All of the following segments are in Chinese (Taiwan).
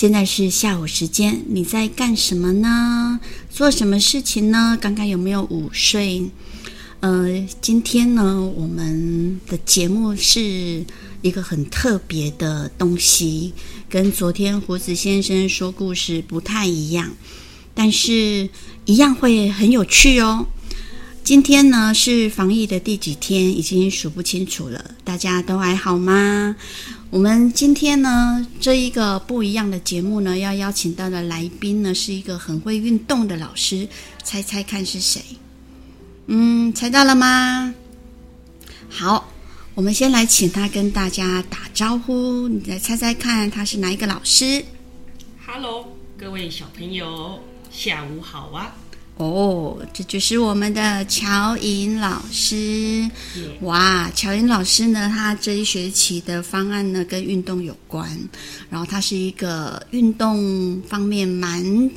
現在是下午時間，你在幹什麼呢？做什麼事情呢？剛剛有沒有午睡？呃，今天呢，我們的節目是一個很特別的東西，跟昨天鬍子先生說故事不太一樣，但是一樣會很有趣哦。今天呢，是防疫的第幾天，已經數不清楚了。大家都還好嗎？我們今天呢，這一個不一樣的節目呢，要邀請到的來賓呢，是一個很會運動的老師，猜猜看是誰？嗯，猜到了嗎？好，我們先來請他跟大家打招呼，你再猜猜看他是哪一個老師？Hello，各位小朋友，下午好啊。哦，oh, 這就是我們的巧穎老師。Yeah. 哇，巧穎老師呢，她這一學期的方案呢，跟運動有關，然後她是一個運動方面蠻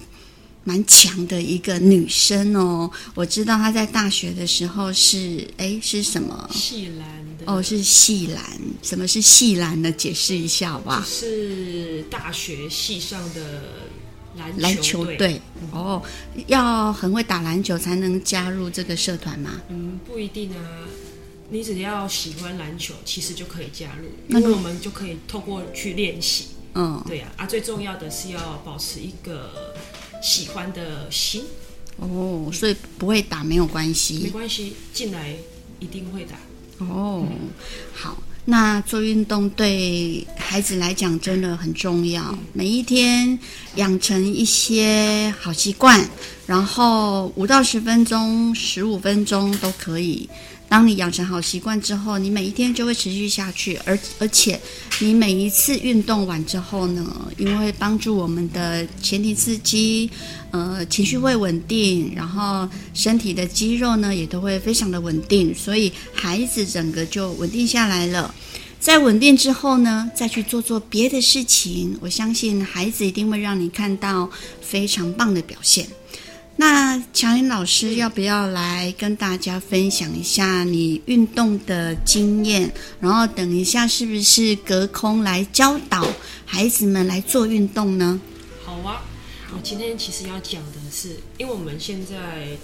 蠻強的一個女生哦。我知道她在大學的時候是哎是什麼？系籃的哦，是系籃。什麼是系籃呢？解釋一下吧。是大學系上的。籃球隊哦，要很會打籃球才能加入這個社團嗎？嗯，不一定啊，你只要喜歡籃球，其實就可以加入，那就我們就可以透過去練習。嗯，對呀、啊，啊，最重要的是要保持一個喜歡的心。哦，所以不會打沒有關係，沒關係，進來一定會打。哦，嗯、好。那做運動對孩子來講真的很重要，每一天養成一些好習慣，然後五到十分鐘、十五分鐘都可以。當你養成好習慣之後，你每一天就會持續下去，而而且你每一次運動完之後呢，因為幫助我們的前庭刺激，呃，情緒會穩定，然後身體的肌肉呢也都會非常的穩定，所以孩子整個就穩定下來了。在穩定之後呢，再去做做別的事情，我相信孩子一定會讓你看到非常棒的表現。那巧穎老師要不要來跟大家分享一下你運動的經驗？然後等一下是不是隔空來教導孩子們來做運動呢？好啊，我今天其實要講的是，因為我們現在。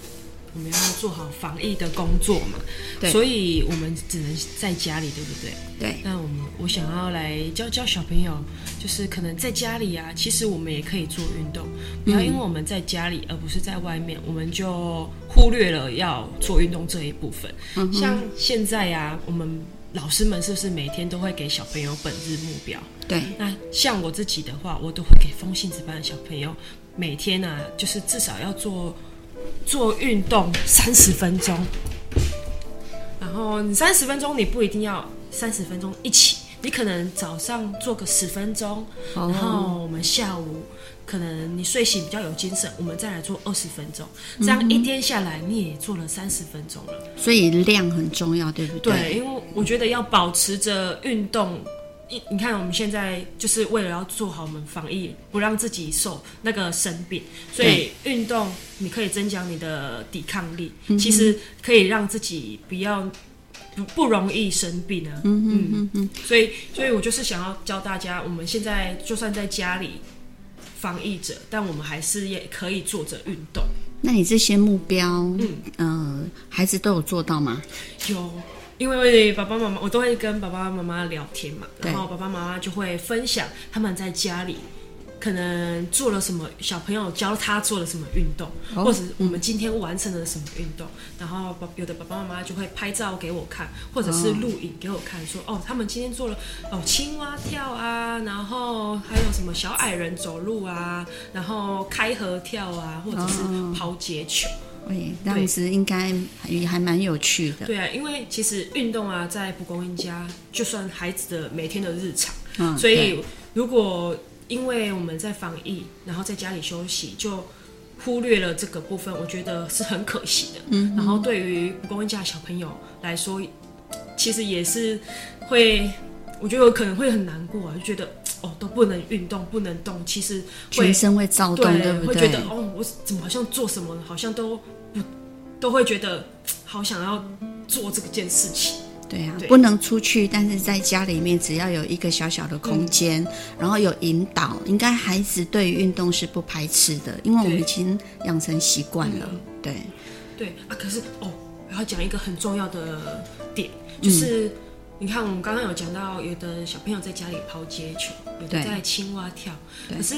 我們要做好防疫的工作嘛，對，所以我們只能在家裡，對不對？對。那我們我想要來教教小朋友，就是可能在家裡啊，其實我們也可以做運動。不要因為我們在家裡，嗯、而不是在外面，我們就忽略了要做運動這一部分。嗯、哼像現在啊，我們老師們是不是每天都會給小朋友本日目標？對。那像我自己的話，我都會給風信子班的小朋友每天呢、啊，就是至少要做。做運動三十分鐘，然後你三十分鐘，你不一定要三十分鐘一起，你可能早上做個十分鐘，oh. 然後我們下午可能你睡醒比較有精神，我們再來做二十分鐘，mm hmm. 這樣一天下來你也做了三十分鐘了。所以量很重要，對不對？對，因為我覺得要保持着運動。你你看，我們現在就是為了要做好我們防疫，不讓自己受那個生病，所以運動你可以增強你的抵抗力，嗯、哼其實可以讓自己不要不容易生病啊。嗯嗯嗯嗯，所以所以我就是想要教大家，我們現在就算在家裡防疫者，但我們還是也可以做着運動。那你這些目標，嗯嗯、呃，孩子都有做到嗎？有。因為我爸爸媽媽，我都會跟爸爸媽媽聊天嘛，對然後爸爸媽媽就會分享他們在家裡可能做了什麼，小朋友教他做了什麼運動，oh, 或者我們今天完成了什麼運動。嗯、然後有的爸爸媽媽就會拍照給我看，或者是錄影給我看，oh. 說哦，他們今天做了哦青蛙跳啊，然後還有什麼小矮人走路啊，然後開合跳啊，或者是拋接球。Oh. 喂，那樣子應該也還蠻有趣的。對啊，因為其實運動啊，在蒲公英家就算孩子的每天的日常。嗯。所以如果因為我們在防疫，然後在家裡休息，就忽略了這個部分，我覺得是很可惜的。嗯哼。然後對於蒲公英家的小朋友來說，其實也是會，我覺得可能會很難過啊，就覺得。哦，都不能運動，不能動，其實全身會躁動，對，對不對？會覺得哦，我怎麼好像做什麼好像都不都會覺得好想要做這件事情。對呀、啊，對，不能出去，但是在家裡面，只要有一個小小的空間，嗯、然後有引導，應該孩子對於運動是不排斥的，因為我們已經養成習慣了。嗯、對，對啊。可是哦，我要講一個很重要的點，就是。嗯你看，我們剛剛有講到，有的小朋友在家裡拋接球，有的在青蛙跳，可是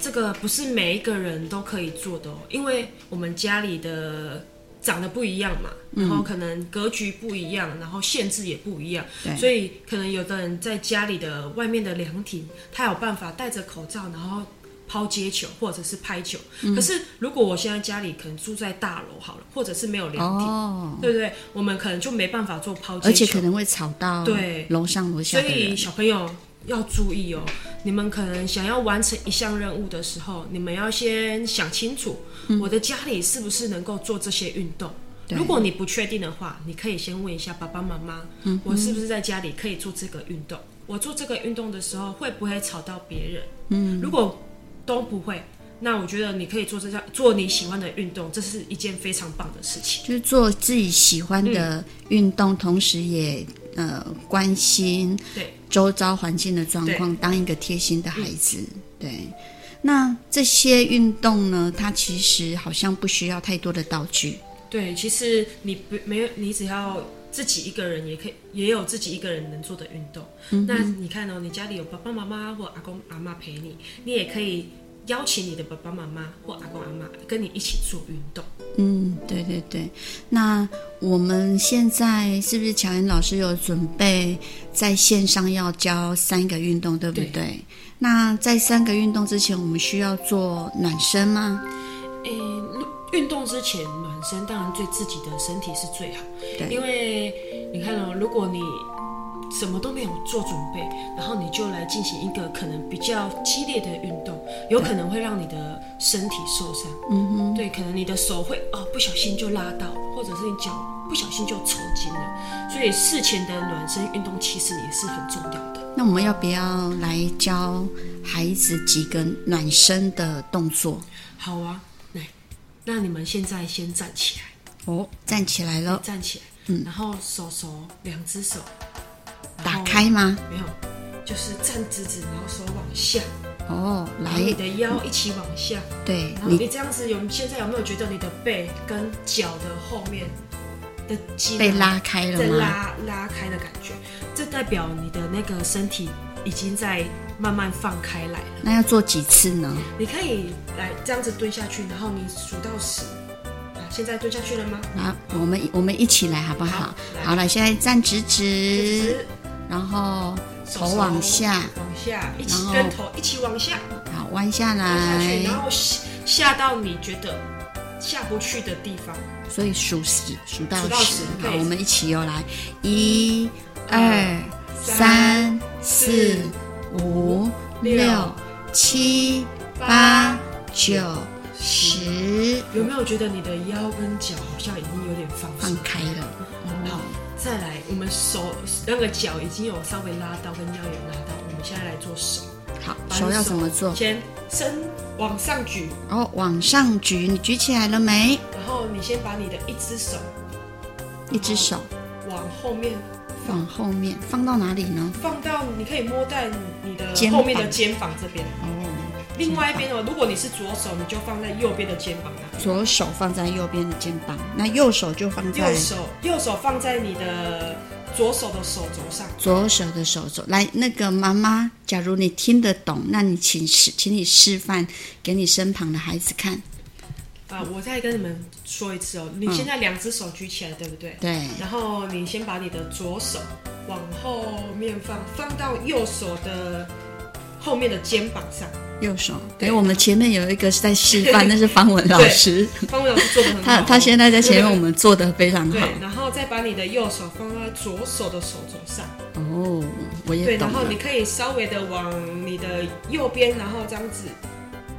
這個不是每一個人都可以做的哦，因為我們家裡的長得不一樣嘛，嗯、然後可能格局不一樣，然後限制也不一樣，對所以可能有的人在家裡的外面的涼亭，他有辦法戴着口罩，然後。拋接球或者是拍球，嗯、可是如果我現在家裡可能住在大樓好了，或者是沒有涼亭，哦、對不對？我們可能就沒辦法做拋接球，而且可能會吵到樓樓對樓上樓下的人。所以小朋友要注意哦，你們可能想要完成一項任務的時候，你們要先想清楚，我的家裡是不是能夠做這些運動？嗯、如果你不確定的話，你可以先問一下爸爸媽媽，嗯、哼我是不是在家裡可以做這個運動？我做這個運動的時候會不會吵到別人？嗯，如果。都不會，那我覺得你可以做這項做你喜歡的運動，這是一件非常棒的事情。就是做自己喜歡的運動，嗯、同時也呃關心對周遭環境的狀況，對當一個貼心的孩子。嗯、對，那這些運動呢，它其實好像不需要太多的道具。對，其實你不沒有，你只要。自己一個人也可以，也有自己一個人能做的運動。嗯、哼那你看哦，你家裡有爸爸媽媽或阿公阿嬤，陪你，你也可以邀請你的爸爸媽媽或阿公阿嬤跟你一起做運動。嗯，對對對。那我們現在是不是巧穎老師有準備在線上要教三個運動，對不對？對，那在三個運動之前，我們需要做暖身嗎？誒、呃，運動之前嗎？本身當然對自己的身體是最好，對因為你看哦，如果你什麼都沒有做準備，然後你就來進行一個可能比較激烈的運動，對有可能會讓你的身體受傷。嗯哼，對，可能你的手會哦不小心就拉到，或者是你腳不小心就抽筋了。所以事前的暖身運動其實也是很重要的。那我們要不要來教孩子幾個暖身的動作？好啊。那你們現在先站起來哦，站起來了，站起來，嗯，然後手手兩隻、嗯、手打開嗎？沒有，就是站直直，然後手往下哦，來，然後你的腰一起往下，嗯、對，然後你這樣子有，有你現在有沒有覺得你的背跟腳的後面的肌肉被拉開了嗎？拉拉開的感覺，這代表你的那個身體已經在。慢慢放開來，那要做幾次呢？你可以來這樣子蹲下去，然後你數到十。現在蹲下去了嗎？好，我們我們一起來好不好？好了，現在站直直，然後頭往下，一起彎頭一起往下，好彎下來，然後下到你覺得下不去的地方。所以數十數到十，好，我們一起哦來，一，二。覺得你的腰跟腳好像已經有點放，了放開了，哦、好，再來，我們手那個腳已經有稍微拉到，跟腰有拉到，我們現在來做手，好，把手，手要怎麼做？先伸往上舉，哦，往上舉，你舉起來了沒？然後你先把你的一只手，一只手後往後面放，後面放到哪裡呢？放到你可以摸到你的後面的肩膀這邊。嗯另外一邊哦，如果你是左手，你就放在右邊的肩膀上。左手放在右邊的肩膀，那右手就放在右手，右手放在你的左手的手肘上。左手的手肘，來，那個媽媽，假如你聽得懂，那你請示，請你示範給你身旁的孩子看。啊，我再跟你們說一次哦，你現在兩只手舉起來，對不對？嗯，對。對。然後你先把你的左手往後面放，放到右手的後面的肩膀上。右手，對，我們前面有一個是在示範，那是方文老師。方文老師做的很好。他他現在在前面，我們做的非常好。然後再把你的右手放在左手的手肘上。哦，我也懂。對，然後你可以稍微的往你的右邊，然後這樣子。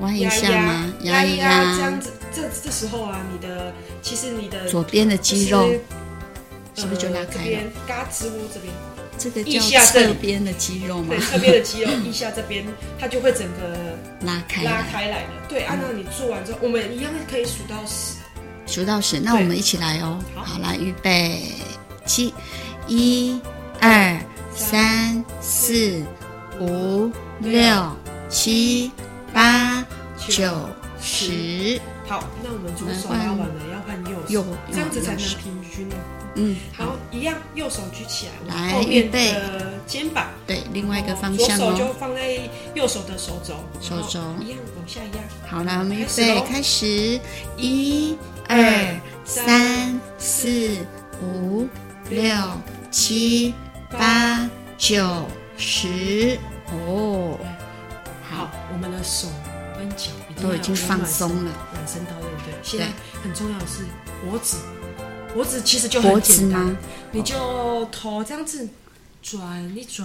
彎一下嗎？壓一壓，這樣子。這這時候啊，你的其實你的左邊的肌肉是不是就拉開了？胳肢窩這邊。這個叫側邊的肌肉嗎這？對，側邊的肌肉，腋下這邊它就會整個拉開拉開，拉開來了。對，按照、嗯啊、你做完之後，我們一樣可以數到十。數到十，那我們一起來哦。對好，好來預備，起，一，二，三，三四，五，六,六，七，八，九，十。好，那我們左手拉完了，要換右手，這樣子才能平均。嗯，好，一樣，右手舉起來，起來，來，預備，肩膀，對，另外一個方向哦。左手就放在右手的手肘，手肘一樣往下壓。好，來，我們預備開始，一、二、三、四、oh, 對、五、六、七、八、九、十。哦，好，我們的手跟腳。都已經放鬆了，延伸到對不對？現在很重要的是脖子，脖子其實就很簡單，你就頭這樣子轉一轉，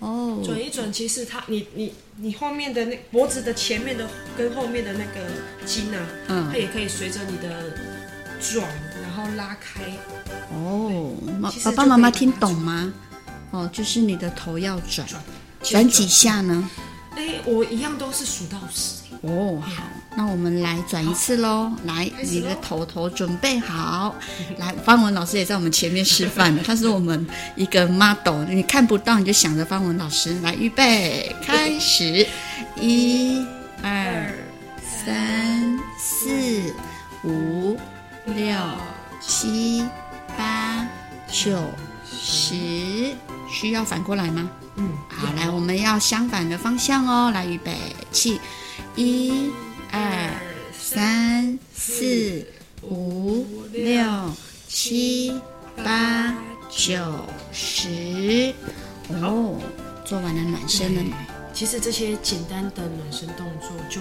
哦，轉一轉，其實它你你你後面的那脖子的前面的跟後面的那個筋啊，嗯，它也可以隨着你的轉然後拉開，哦，爸爸媽媽聽懂嗎？哦，就是你的頭要轉，轉幾下呢？哎、欸，我一樣都是數到十。哦，好，那我們來轉一次嘍。啊、來，你的頭頭準備好。來，方文老師也在我們前面示範了， 他是我們一個 model。你看不到，你就想着方文老師。來，預備，開始。 一、二、三、四、五、六、七、八、九、十。需要反過來嗎？嗯，好，嗯、來，我們要相反的方向哦。來，預備，起。一、二、三、四、五、六、七、八、九、十。哦，做完了暖身了沒？其實這些簡單的暖身動作就。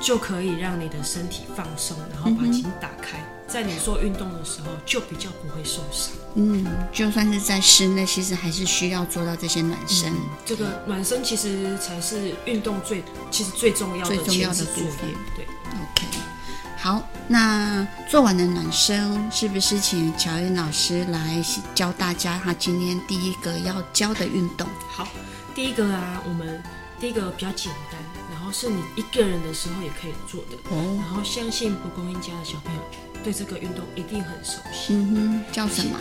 就可以讓你的身體放鬆，然後把筋打開。嗯、哼在你做運動的時候，就比較不會受傷。嗯，就算是在室內，其實還是需要做到這些暖身。嗯、這個暖身其實才是運動最，其實最重要的作業，最重要的部分。對 o、okay. k 好，那做完的暖身，是不是請巧穎老師來教大家？他今天第一個要教的運動。好，第一個啊，我們第一個比較簡單。是你一個人的時候也可以做的哦。然後相信蒲公英家的小朋友對這個運動一定很熟悉。嗯哼，叫什麼？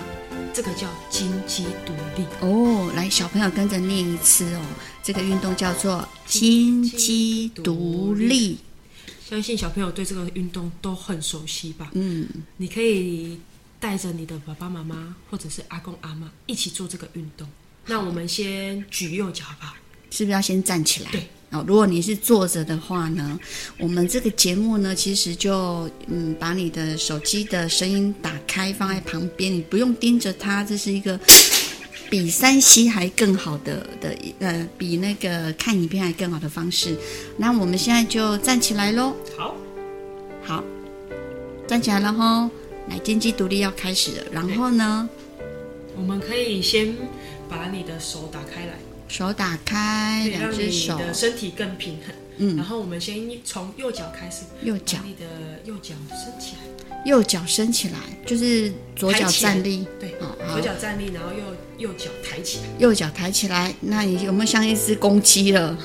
這個叫金雞獨立哦。來，小朋友跟着念一次哦。這個運動叫做金雞獨，獨立。相信小朋友對這個運動都很熟悉吧？嗯。你可以帶着你的爸爸媽媽或者是阿公阿嬤一起做這個運動。那我們先舉右腳好不好？是不是要先站起來？對。如果你是坐着的話呢，我們這個節目呢，其實就嗯，把你的手機的聲音打開，放在旁邊，你不用盯着它，這是一個比三 C 還更好的的呃，比那個看影片還更好的方式。那我們現在就站起來咯，好，好，站起來了吼，來，金雞獨立要開始了。然後呢，我們可以先把你的手打開來。手打開，兩隻手，身體更平衡。嗯，然後我們先從右腳開始，右腳你的右腳伸起來，右腳伸起來，就是左腳站立，對，左腳站立，然後右右腳抬起來，右腳抬起來。那你有沒有像一隻公雞了？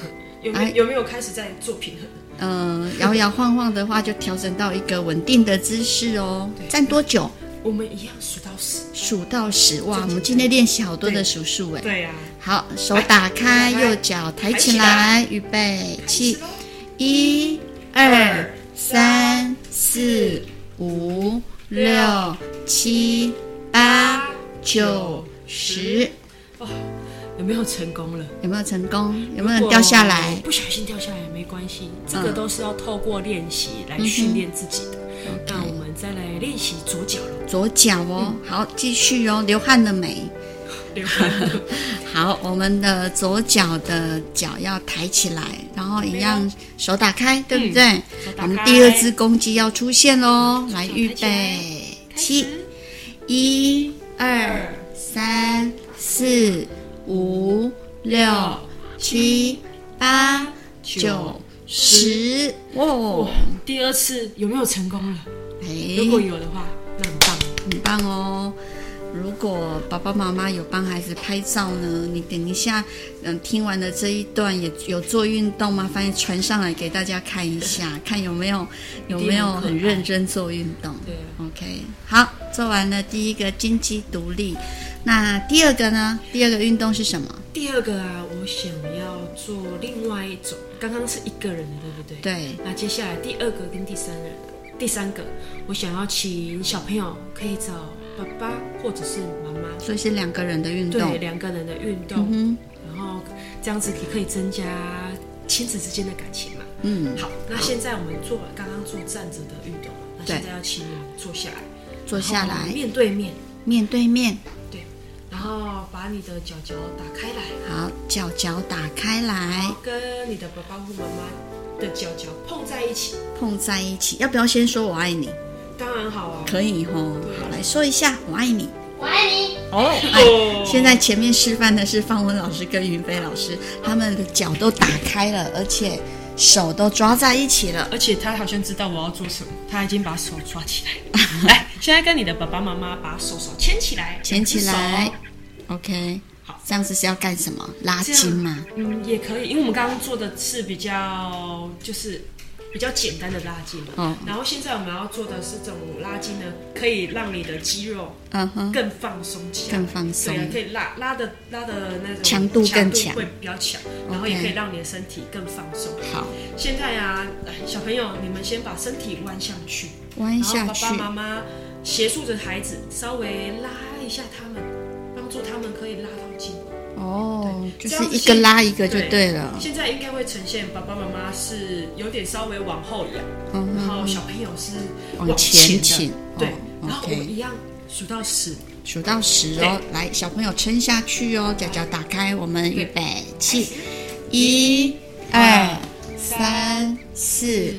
有沒有開始在做平衡？嗯，搖搖晃晃的話，就調整到一個穩定的姿勢哦。站多久？我們一樣數到十，數到十哇！我們今天練習好多的數數哎。對呀。好，手打開，右腳抬起來，預備，起，一、二、三、四、五、六、七、八、九、十。哦，有沒有成功了？有沒有成功？有沒有掉下來？不小心掉下來也沒關係，這個都是要透過練習來訓練自己的。那我們再來練習左腳了，左腳哦，好，繼續哦，流汗了沒？ 好，我們的左腳的腳要抬起來，然後一樣手打開，嗯、對不對？我們第二隻公雞要出現嘍，嗯、來，預備始七，七，一二三四五六七八九十。哇，第二次有沒有成功了？欸、如果有的話，那很棒，很棒哦。如果爸爸媽媽有幫孩子拍照呢？你等一下，嗯，聽完了這一段也有做運動嗎？反正傳上來給大家看一下，看有沒有、有沒有很認真做運動。嗯，對啊，OK，好，做完了第一個金雞獨立，那第二個呢？第二個運動是什麼？第二個啊，我想要做另外一種，剛剛是一個人的，對不對？對。那接下來第二個跟第三個，第三個，我想要請小朋友可以找。爸爸或者是媽媽，所以是兩個人的運動，對，兩個人的運動，嗯、哼然後這樣子可以，可以增加親子之間的感情嘛。嗯，好，那現在我們做剛剛好做站着的運動，那現在要請你坐下來，對面面坐下來，面對面，面對面，對，然後把你的腳腳打開來，好，腳腳打開來，跟你的爸爸或媽媽的腳腳碰在一起，碰在一起，要不要先說我愛你？當然好哦，可以吼，哦、對好來說一下，我愛你，我愛你哦。Oh, 哎，oh. 現在前面示範的是方文老師跟雲飛老師，他們的腳都打開了，而且手都抓在一起了，而且他好像知道我要做什麼，他已經把手抓起來。 來，現在跟你的爸爸媽媽把手手牽起來，牽起來、哦、，OK。好，這樣子是要幹什麼？拉筋嘛。嗯，也可以，因為我們剛剛做的是比較，就是。比較簡單的拉筋嘛，oh. 然後現在我們要做的是這種拉筋呢，可以讓你的肌肉嗯，更放鬆起來，uh huh. 更放鬆，對，可以拉拉的拉的那種，強度更強，強度會比較強，Okay. 然後也可以讓你的身體更放鬆。好，現在啊，小朋友你們先把身體彎下去，彎下去，爸爸媽媽協助着孩子稍微拉一下他們，幫助他們可以拉到筋。哦，就是一個拉一個就對了。現在應該會呈現爸爸媽媽是有點稍微往後仰，然後小朋友是往前傾。對，OK，一樣數到十，數到十哦。來，小朋友撐下去哦，腳腳打開，我們預備，起，一二三四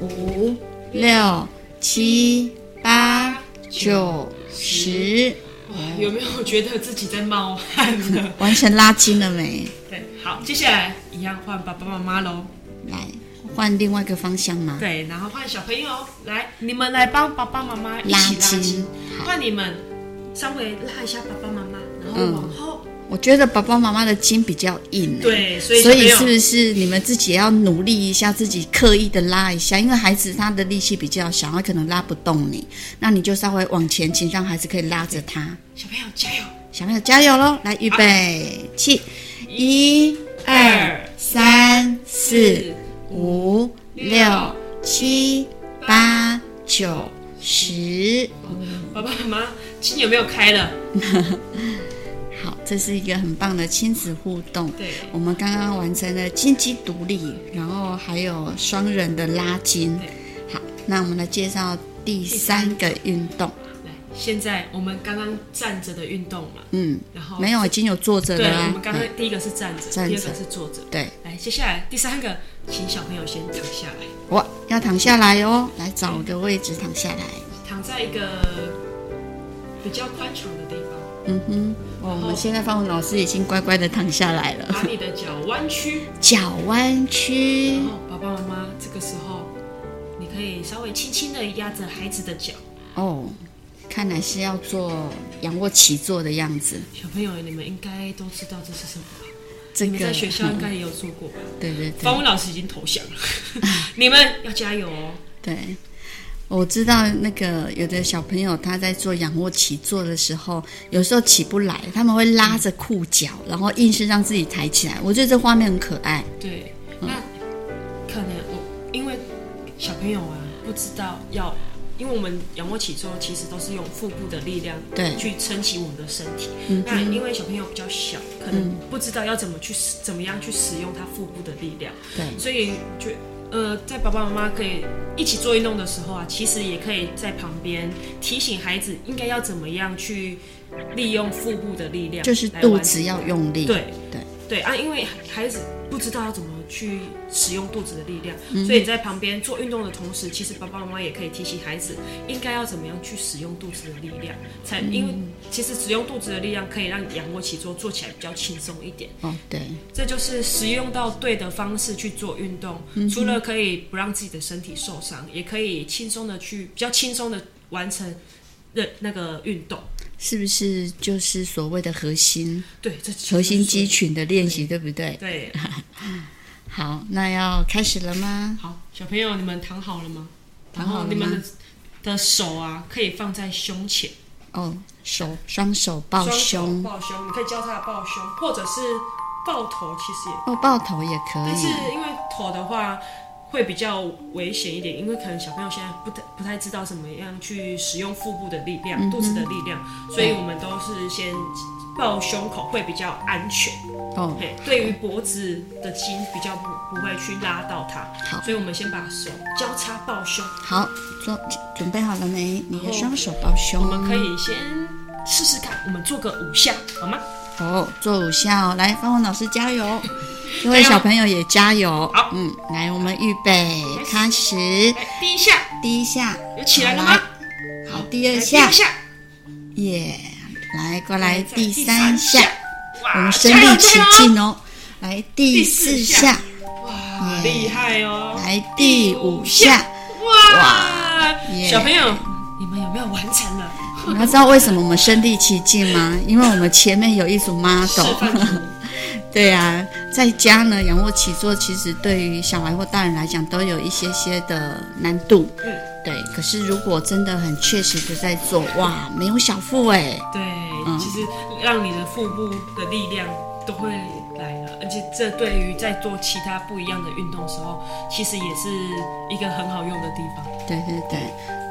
五六七八九十。哇，有沒有覺得自己在冒汗呢？完全拉筋了沒？對，好，接下來一樣換爸爸媽媽嘍，來換另外一個方向嘛。對，然後換小朋友來，你們來幫爸爸媽媽一起拉筋，換你們稍微拉一下爸爸媽媽，然後往後。我覺得爸爸媽媽的筋比較硬，對，所以,所以是不是你們自己也要努力一下，自己刻意的拉一下？因為孩子他的力氣比較小，他可能拉不動你，那你就稍微往前傾，讓孩子可以拉着他。小朋友加油！小朋友加油嘍！來，預備，啊、起，一二三四五六七八九十。爸爸媽媽筋有沒有開了？ 這是一個很棒的親子互動。對，我們剛剛完成了金雞獨立，然後還有雙人的拉筋。對，好，那我們來介紹第三個運動。第三個。來，現在我們剛剛站着的運動嘛？嗯，然後沒有已經有坐着的啦、哦。對，我們剛剛第一個是站着，站來着，第二個是坐着。對，來，接下來第三個，請小朋友先躺下來。哇，要躺下來哦，來找一個位置對躺下來。躺在一個比較寬敞的地方。嗯哼，哦後，我們現在方文老師已經乖乖的躺下來了。把你的腳彎曲。腳彎曲。哦，爸爸媽媽，這個時候你可以稍微輕輕的壓着孩子的腳。哦，看來是要做仰臥起坐的樣子。小朋友，你們應該都知道這是什麼吧？的你們在學校應該也有做過吧？嗯、對對對。方文老師已經投降了， 你們要加油哦。對。我知道那個有的小朋友他在做仰臥起坐的時候，有時候起不來，他們會拉着褲腳，然後硬是讓自己抬起來。我覺得這畫面很可愛。對，那、嗯、可能我因為小朋友啊，不知道要，因為我們仰臥起坐其實都是用腹部的力量對去撐起我們的身體。那對因為小朋友比較小，可能不知道要怎麼去怎麼樣去使用他腹部的力量，對，所以就。呃，在爸爸媽媽可以一起做運動的時候啊，其實也可以在旁邊提醒孩子應該要怎麼樣去利用腹部的力量來，就是肚子要用力。對對對，對啊，因為孩子不知道要怎麼。去使用肚子的力量，所以你在旁邊做運動的同時，嗯、哼其實爸爸媽媽也可以提醒孩子應該要怎麼樣去使用肚子的力量，才、嗯、因為其實使用肚子的力量可以讓仰臥起坐做起來比較輕鬆一點。哦、對，這就是使用到對的方式去做運動，嗯、哼除了可以不讓自己的身體受傷，也可以輕鬆的去比較輕鬆的完成那那個運動，是不是？就是所謂的核心，對，這核心肌群的練習，對不對？對。 好，那要開始了嗎？好，小朋友，你們躺好了嗎？你們躺好了嗎？你們的手啊，可以放在胸前。哦，oh, 手，雙、啊、手抱胸。抱胸，你可以教他抱胸，或者是抱頭，其實也可以。哦，抱，抱頭也可以。但是因為頭的話，會比較危險一點，因為可能小朋友現在不太不太知道怎麼樣去使用腹部的力量，嗯哼，肚子的力量，所以我們都是先抱胸口會比較安全。哦，對，對於脖子的筋比較不不會去拉到它，好，所以我們先把手交叉抱胸。好，做準備好了沒？你的雙手抱胸。我們可以先試試看，我們做個五下，好嗎？哦，做五下哦，來，芳芳老師加油，各位小朋友也加油。好，嗯，來，我們預備開始，第一下，第一下，有起來了嗎？好，第二下，耶，來過來，第三下，我們身臨其境哦，來第四下，哇，好厲害哦，來第五下，哇，耶，小朋友。你們有沒有完成了？你要知道為什麼我們身歷其境嗎？ 因為我們前面有一組 model。對啊，在家呢，仰臥起坐其實對於小孩或大人來講都有一些些的難度。嗯。對，可是如果真的很確實的在做，哇，沒有小腹哎、欸。對，嗯、其實讓你的腹部的力量都會來了，而且這對於在做其他不一樣的運動的時候，其實也是一個很好用的地方。對對對。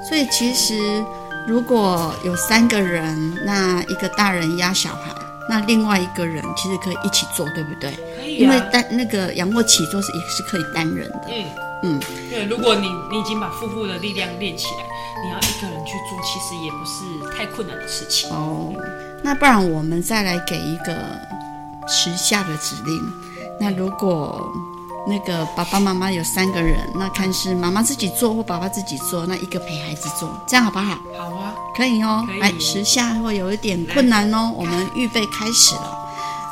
所以其實如果有三個人，那一個大人壓小孩，那另外一個人其實可以一起做，對不對？可以啊、因為單那個仰臥起坐是也是可以單人的。嗯嗯，嗯對，如果你你已經把腹部的力量練起來，你要一個人去做，其實也不是太困難的事情。哦，那不然我們再來給一個時下的指令，那如果。那個爸爸媽媽有三個人，那看是媽媽自己做或爸爸自己做，那一個陪孩子做，這樣好不好？好啊，可以哦、喔。可以來，十下會有一點困難哦、喔。來我們預備開始了，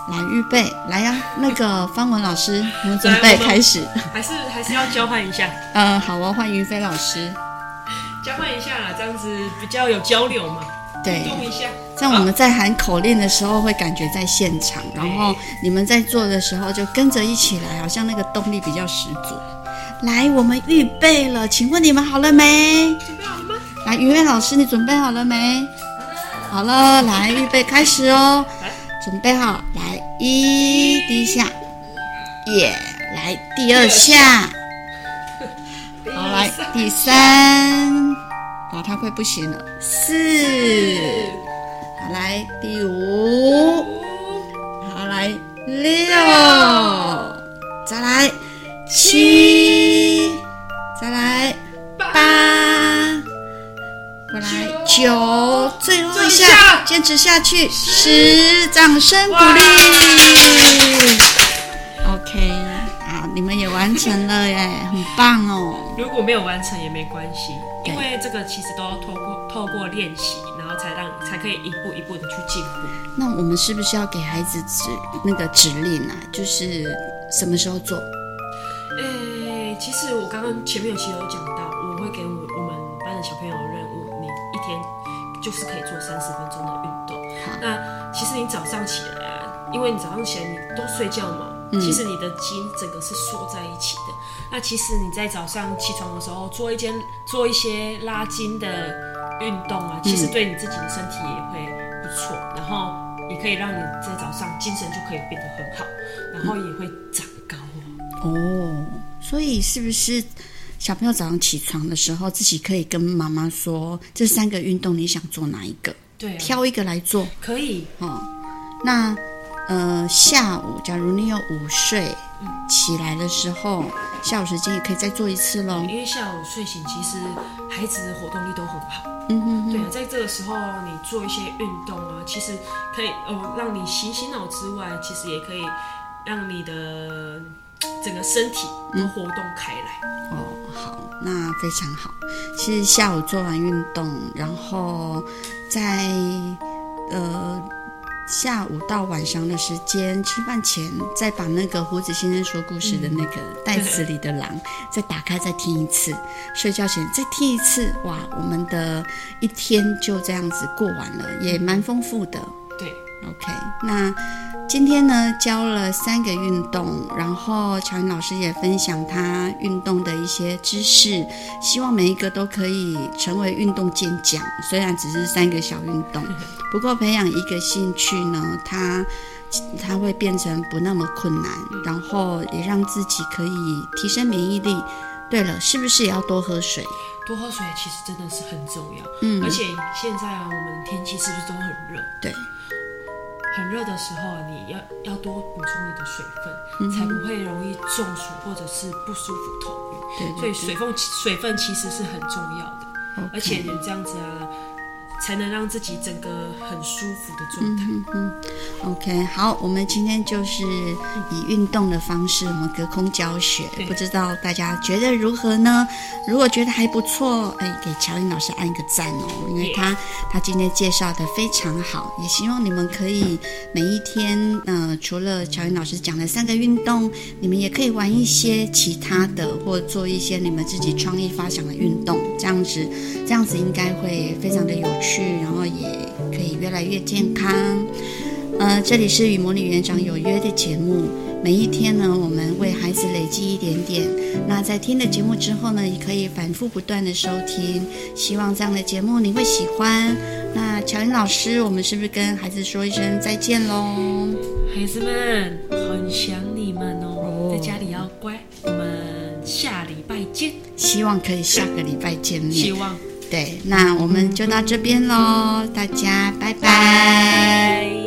來預備，來呀、啊。那個方文老師， 有有我們準備開始，還是還是要交換一下？嗯、 呃，好啊、喔，換雲飛老師，交換一下啦，這樣子比較有交流嘛。對，像我們在喊口令的時候，會感覺在現場，啊、然後你們在做的時候就跟着一起來，好像那個動力比較十足。來，我們預備了，請問你們好了沒？準備好了嗎？來，於悅老師，你準備好了沒？好了，來預備開始哦！準備好，來一，第一下，耶、yeah！來第二下，二下，好，來第三。第好，他會不行了。四，好來，第五，好來，六，再來，七，再來，八，過來，九，最後一下，堅持下去，十，掌聲鼓勵。完成了耶，很棒哦！如果沒有完成也沒關係，對因為這個其實都要透過透過練習，然後才讓才可以一步一步的去進步。那我們是不是要給孩子指那個指令啊？就是什麼時候做？哎、欸，其實我剛剛前面有其實有講到，我會給我我們班的小朋友的任務，你一天就是可以做三十分鐘的運動。好那其實你早上起來啊，因為你早上起來你都睡覺嘛。其實你的筋整個是縮在一起的，嗯、那其實你在早上起床的時候做一件做一些拉筋的運動啊，其實對你自己的身體也會不錯，嗯、然後也可以讓你在早上精神就可以變得很好，然後也會長高哦。所以是不是小朋友早上起床的時候自己可以跟媽媽說這三個運動你想做哪一個？對、啊，挑一個來做，可以。哦，那。呃，下午，假如你有午睡，嗯、起來的時候，下午時間也可以再做一次嘍。因為下午睡醒，其實孩子的活動力都很好。嗯嗯對啊，在這個時候你做一些運動啊，其實可以哦、呃，讓你醒醒腦之外，其實也可以讓你的整個身體能活動開來、嗯嗯。哦，好，那非常好。其實下午做完運動，然後再呃。下午到晚上的時間，吃飯前再把那個鬍子先生說故事的那個袋子裡的狼再打開再聽一次，嗯、睡覺前再聽一次，哇，我們的一天就這樣子過完了，也蠻豐富的。嗯、對，OK，那。今天呢，教了三個運動，然後巧穎老師也分享他運動的一些知識，希望每一個都可以成為運動健將。雖然只是三個小運動，不過培養一個興趣呢，他他會變成不那麼困難，然後也讓自己可以提升免疫力。對了，是不是也要多喝水？多喝水其實真的是很重要，嗯，而且現在啊，我們天氣是不是都很熱？對。很熱的時候，你要要多補充你的水分，嗯、才不會容易中暑或者是不舒服頭、頭暈。對，所以水分水分其實是很重要的，Okay. 而且你這樣子、啊。才能讓自己整個很舒服的狀態。嗯，嗯，OK，好，我們今天就是以運動的方式，我們隔空教學，對不知道大家覺得如何呢？如果覺得還不錯，哎，給巧穎老師按一個讚哦，因為他他今天介紹的非常好。也希望你們可以每一天，呃，除了巧穎老師講的三個運動，你們也可以玩一些其他的，或做一些你們自己創意發想的運動，這樣子，這樣子應該會非常的有趣。然後也可以越來越健康。呃，這裡是與魔女園長有約的節目。每一天呢，我們為孩子累積一點點。那在聽了節目之後呢，也可以反覆不斷的收聽。希望這樣的節目你會喜歡。那巧穎老師，我們是不是跟孩子說一聲再見嘍？孩子們，很想你們哦，在家裡要乖。我們下禮拜見，希望可以下個禮拜見面。希望。對，那我們就到這邊嘍，大家拜拜。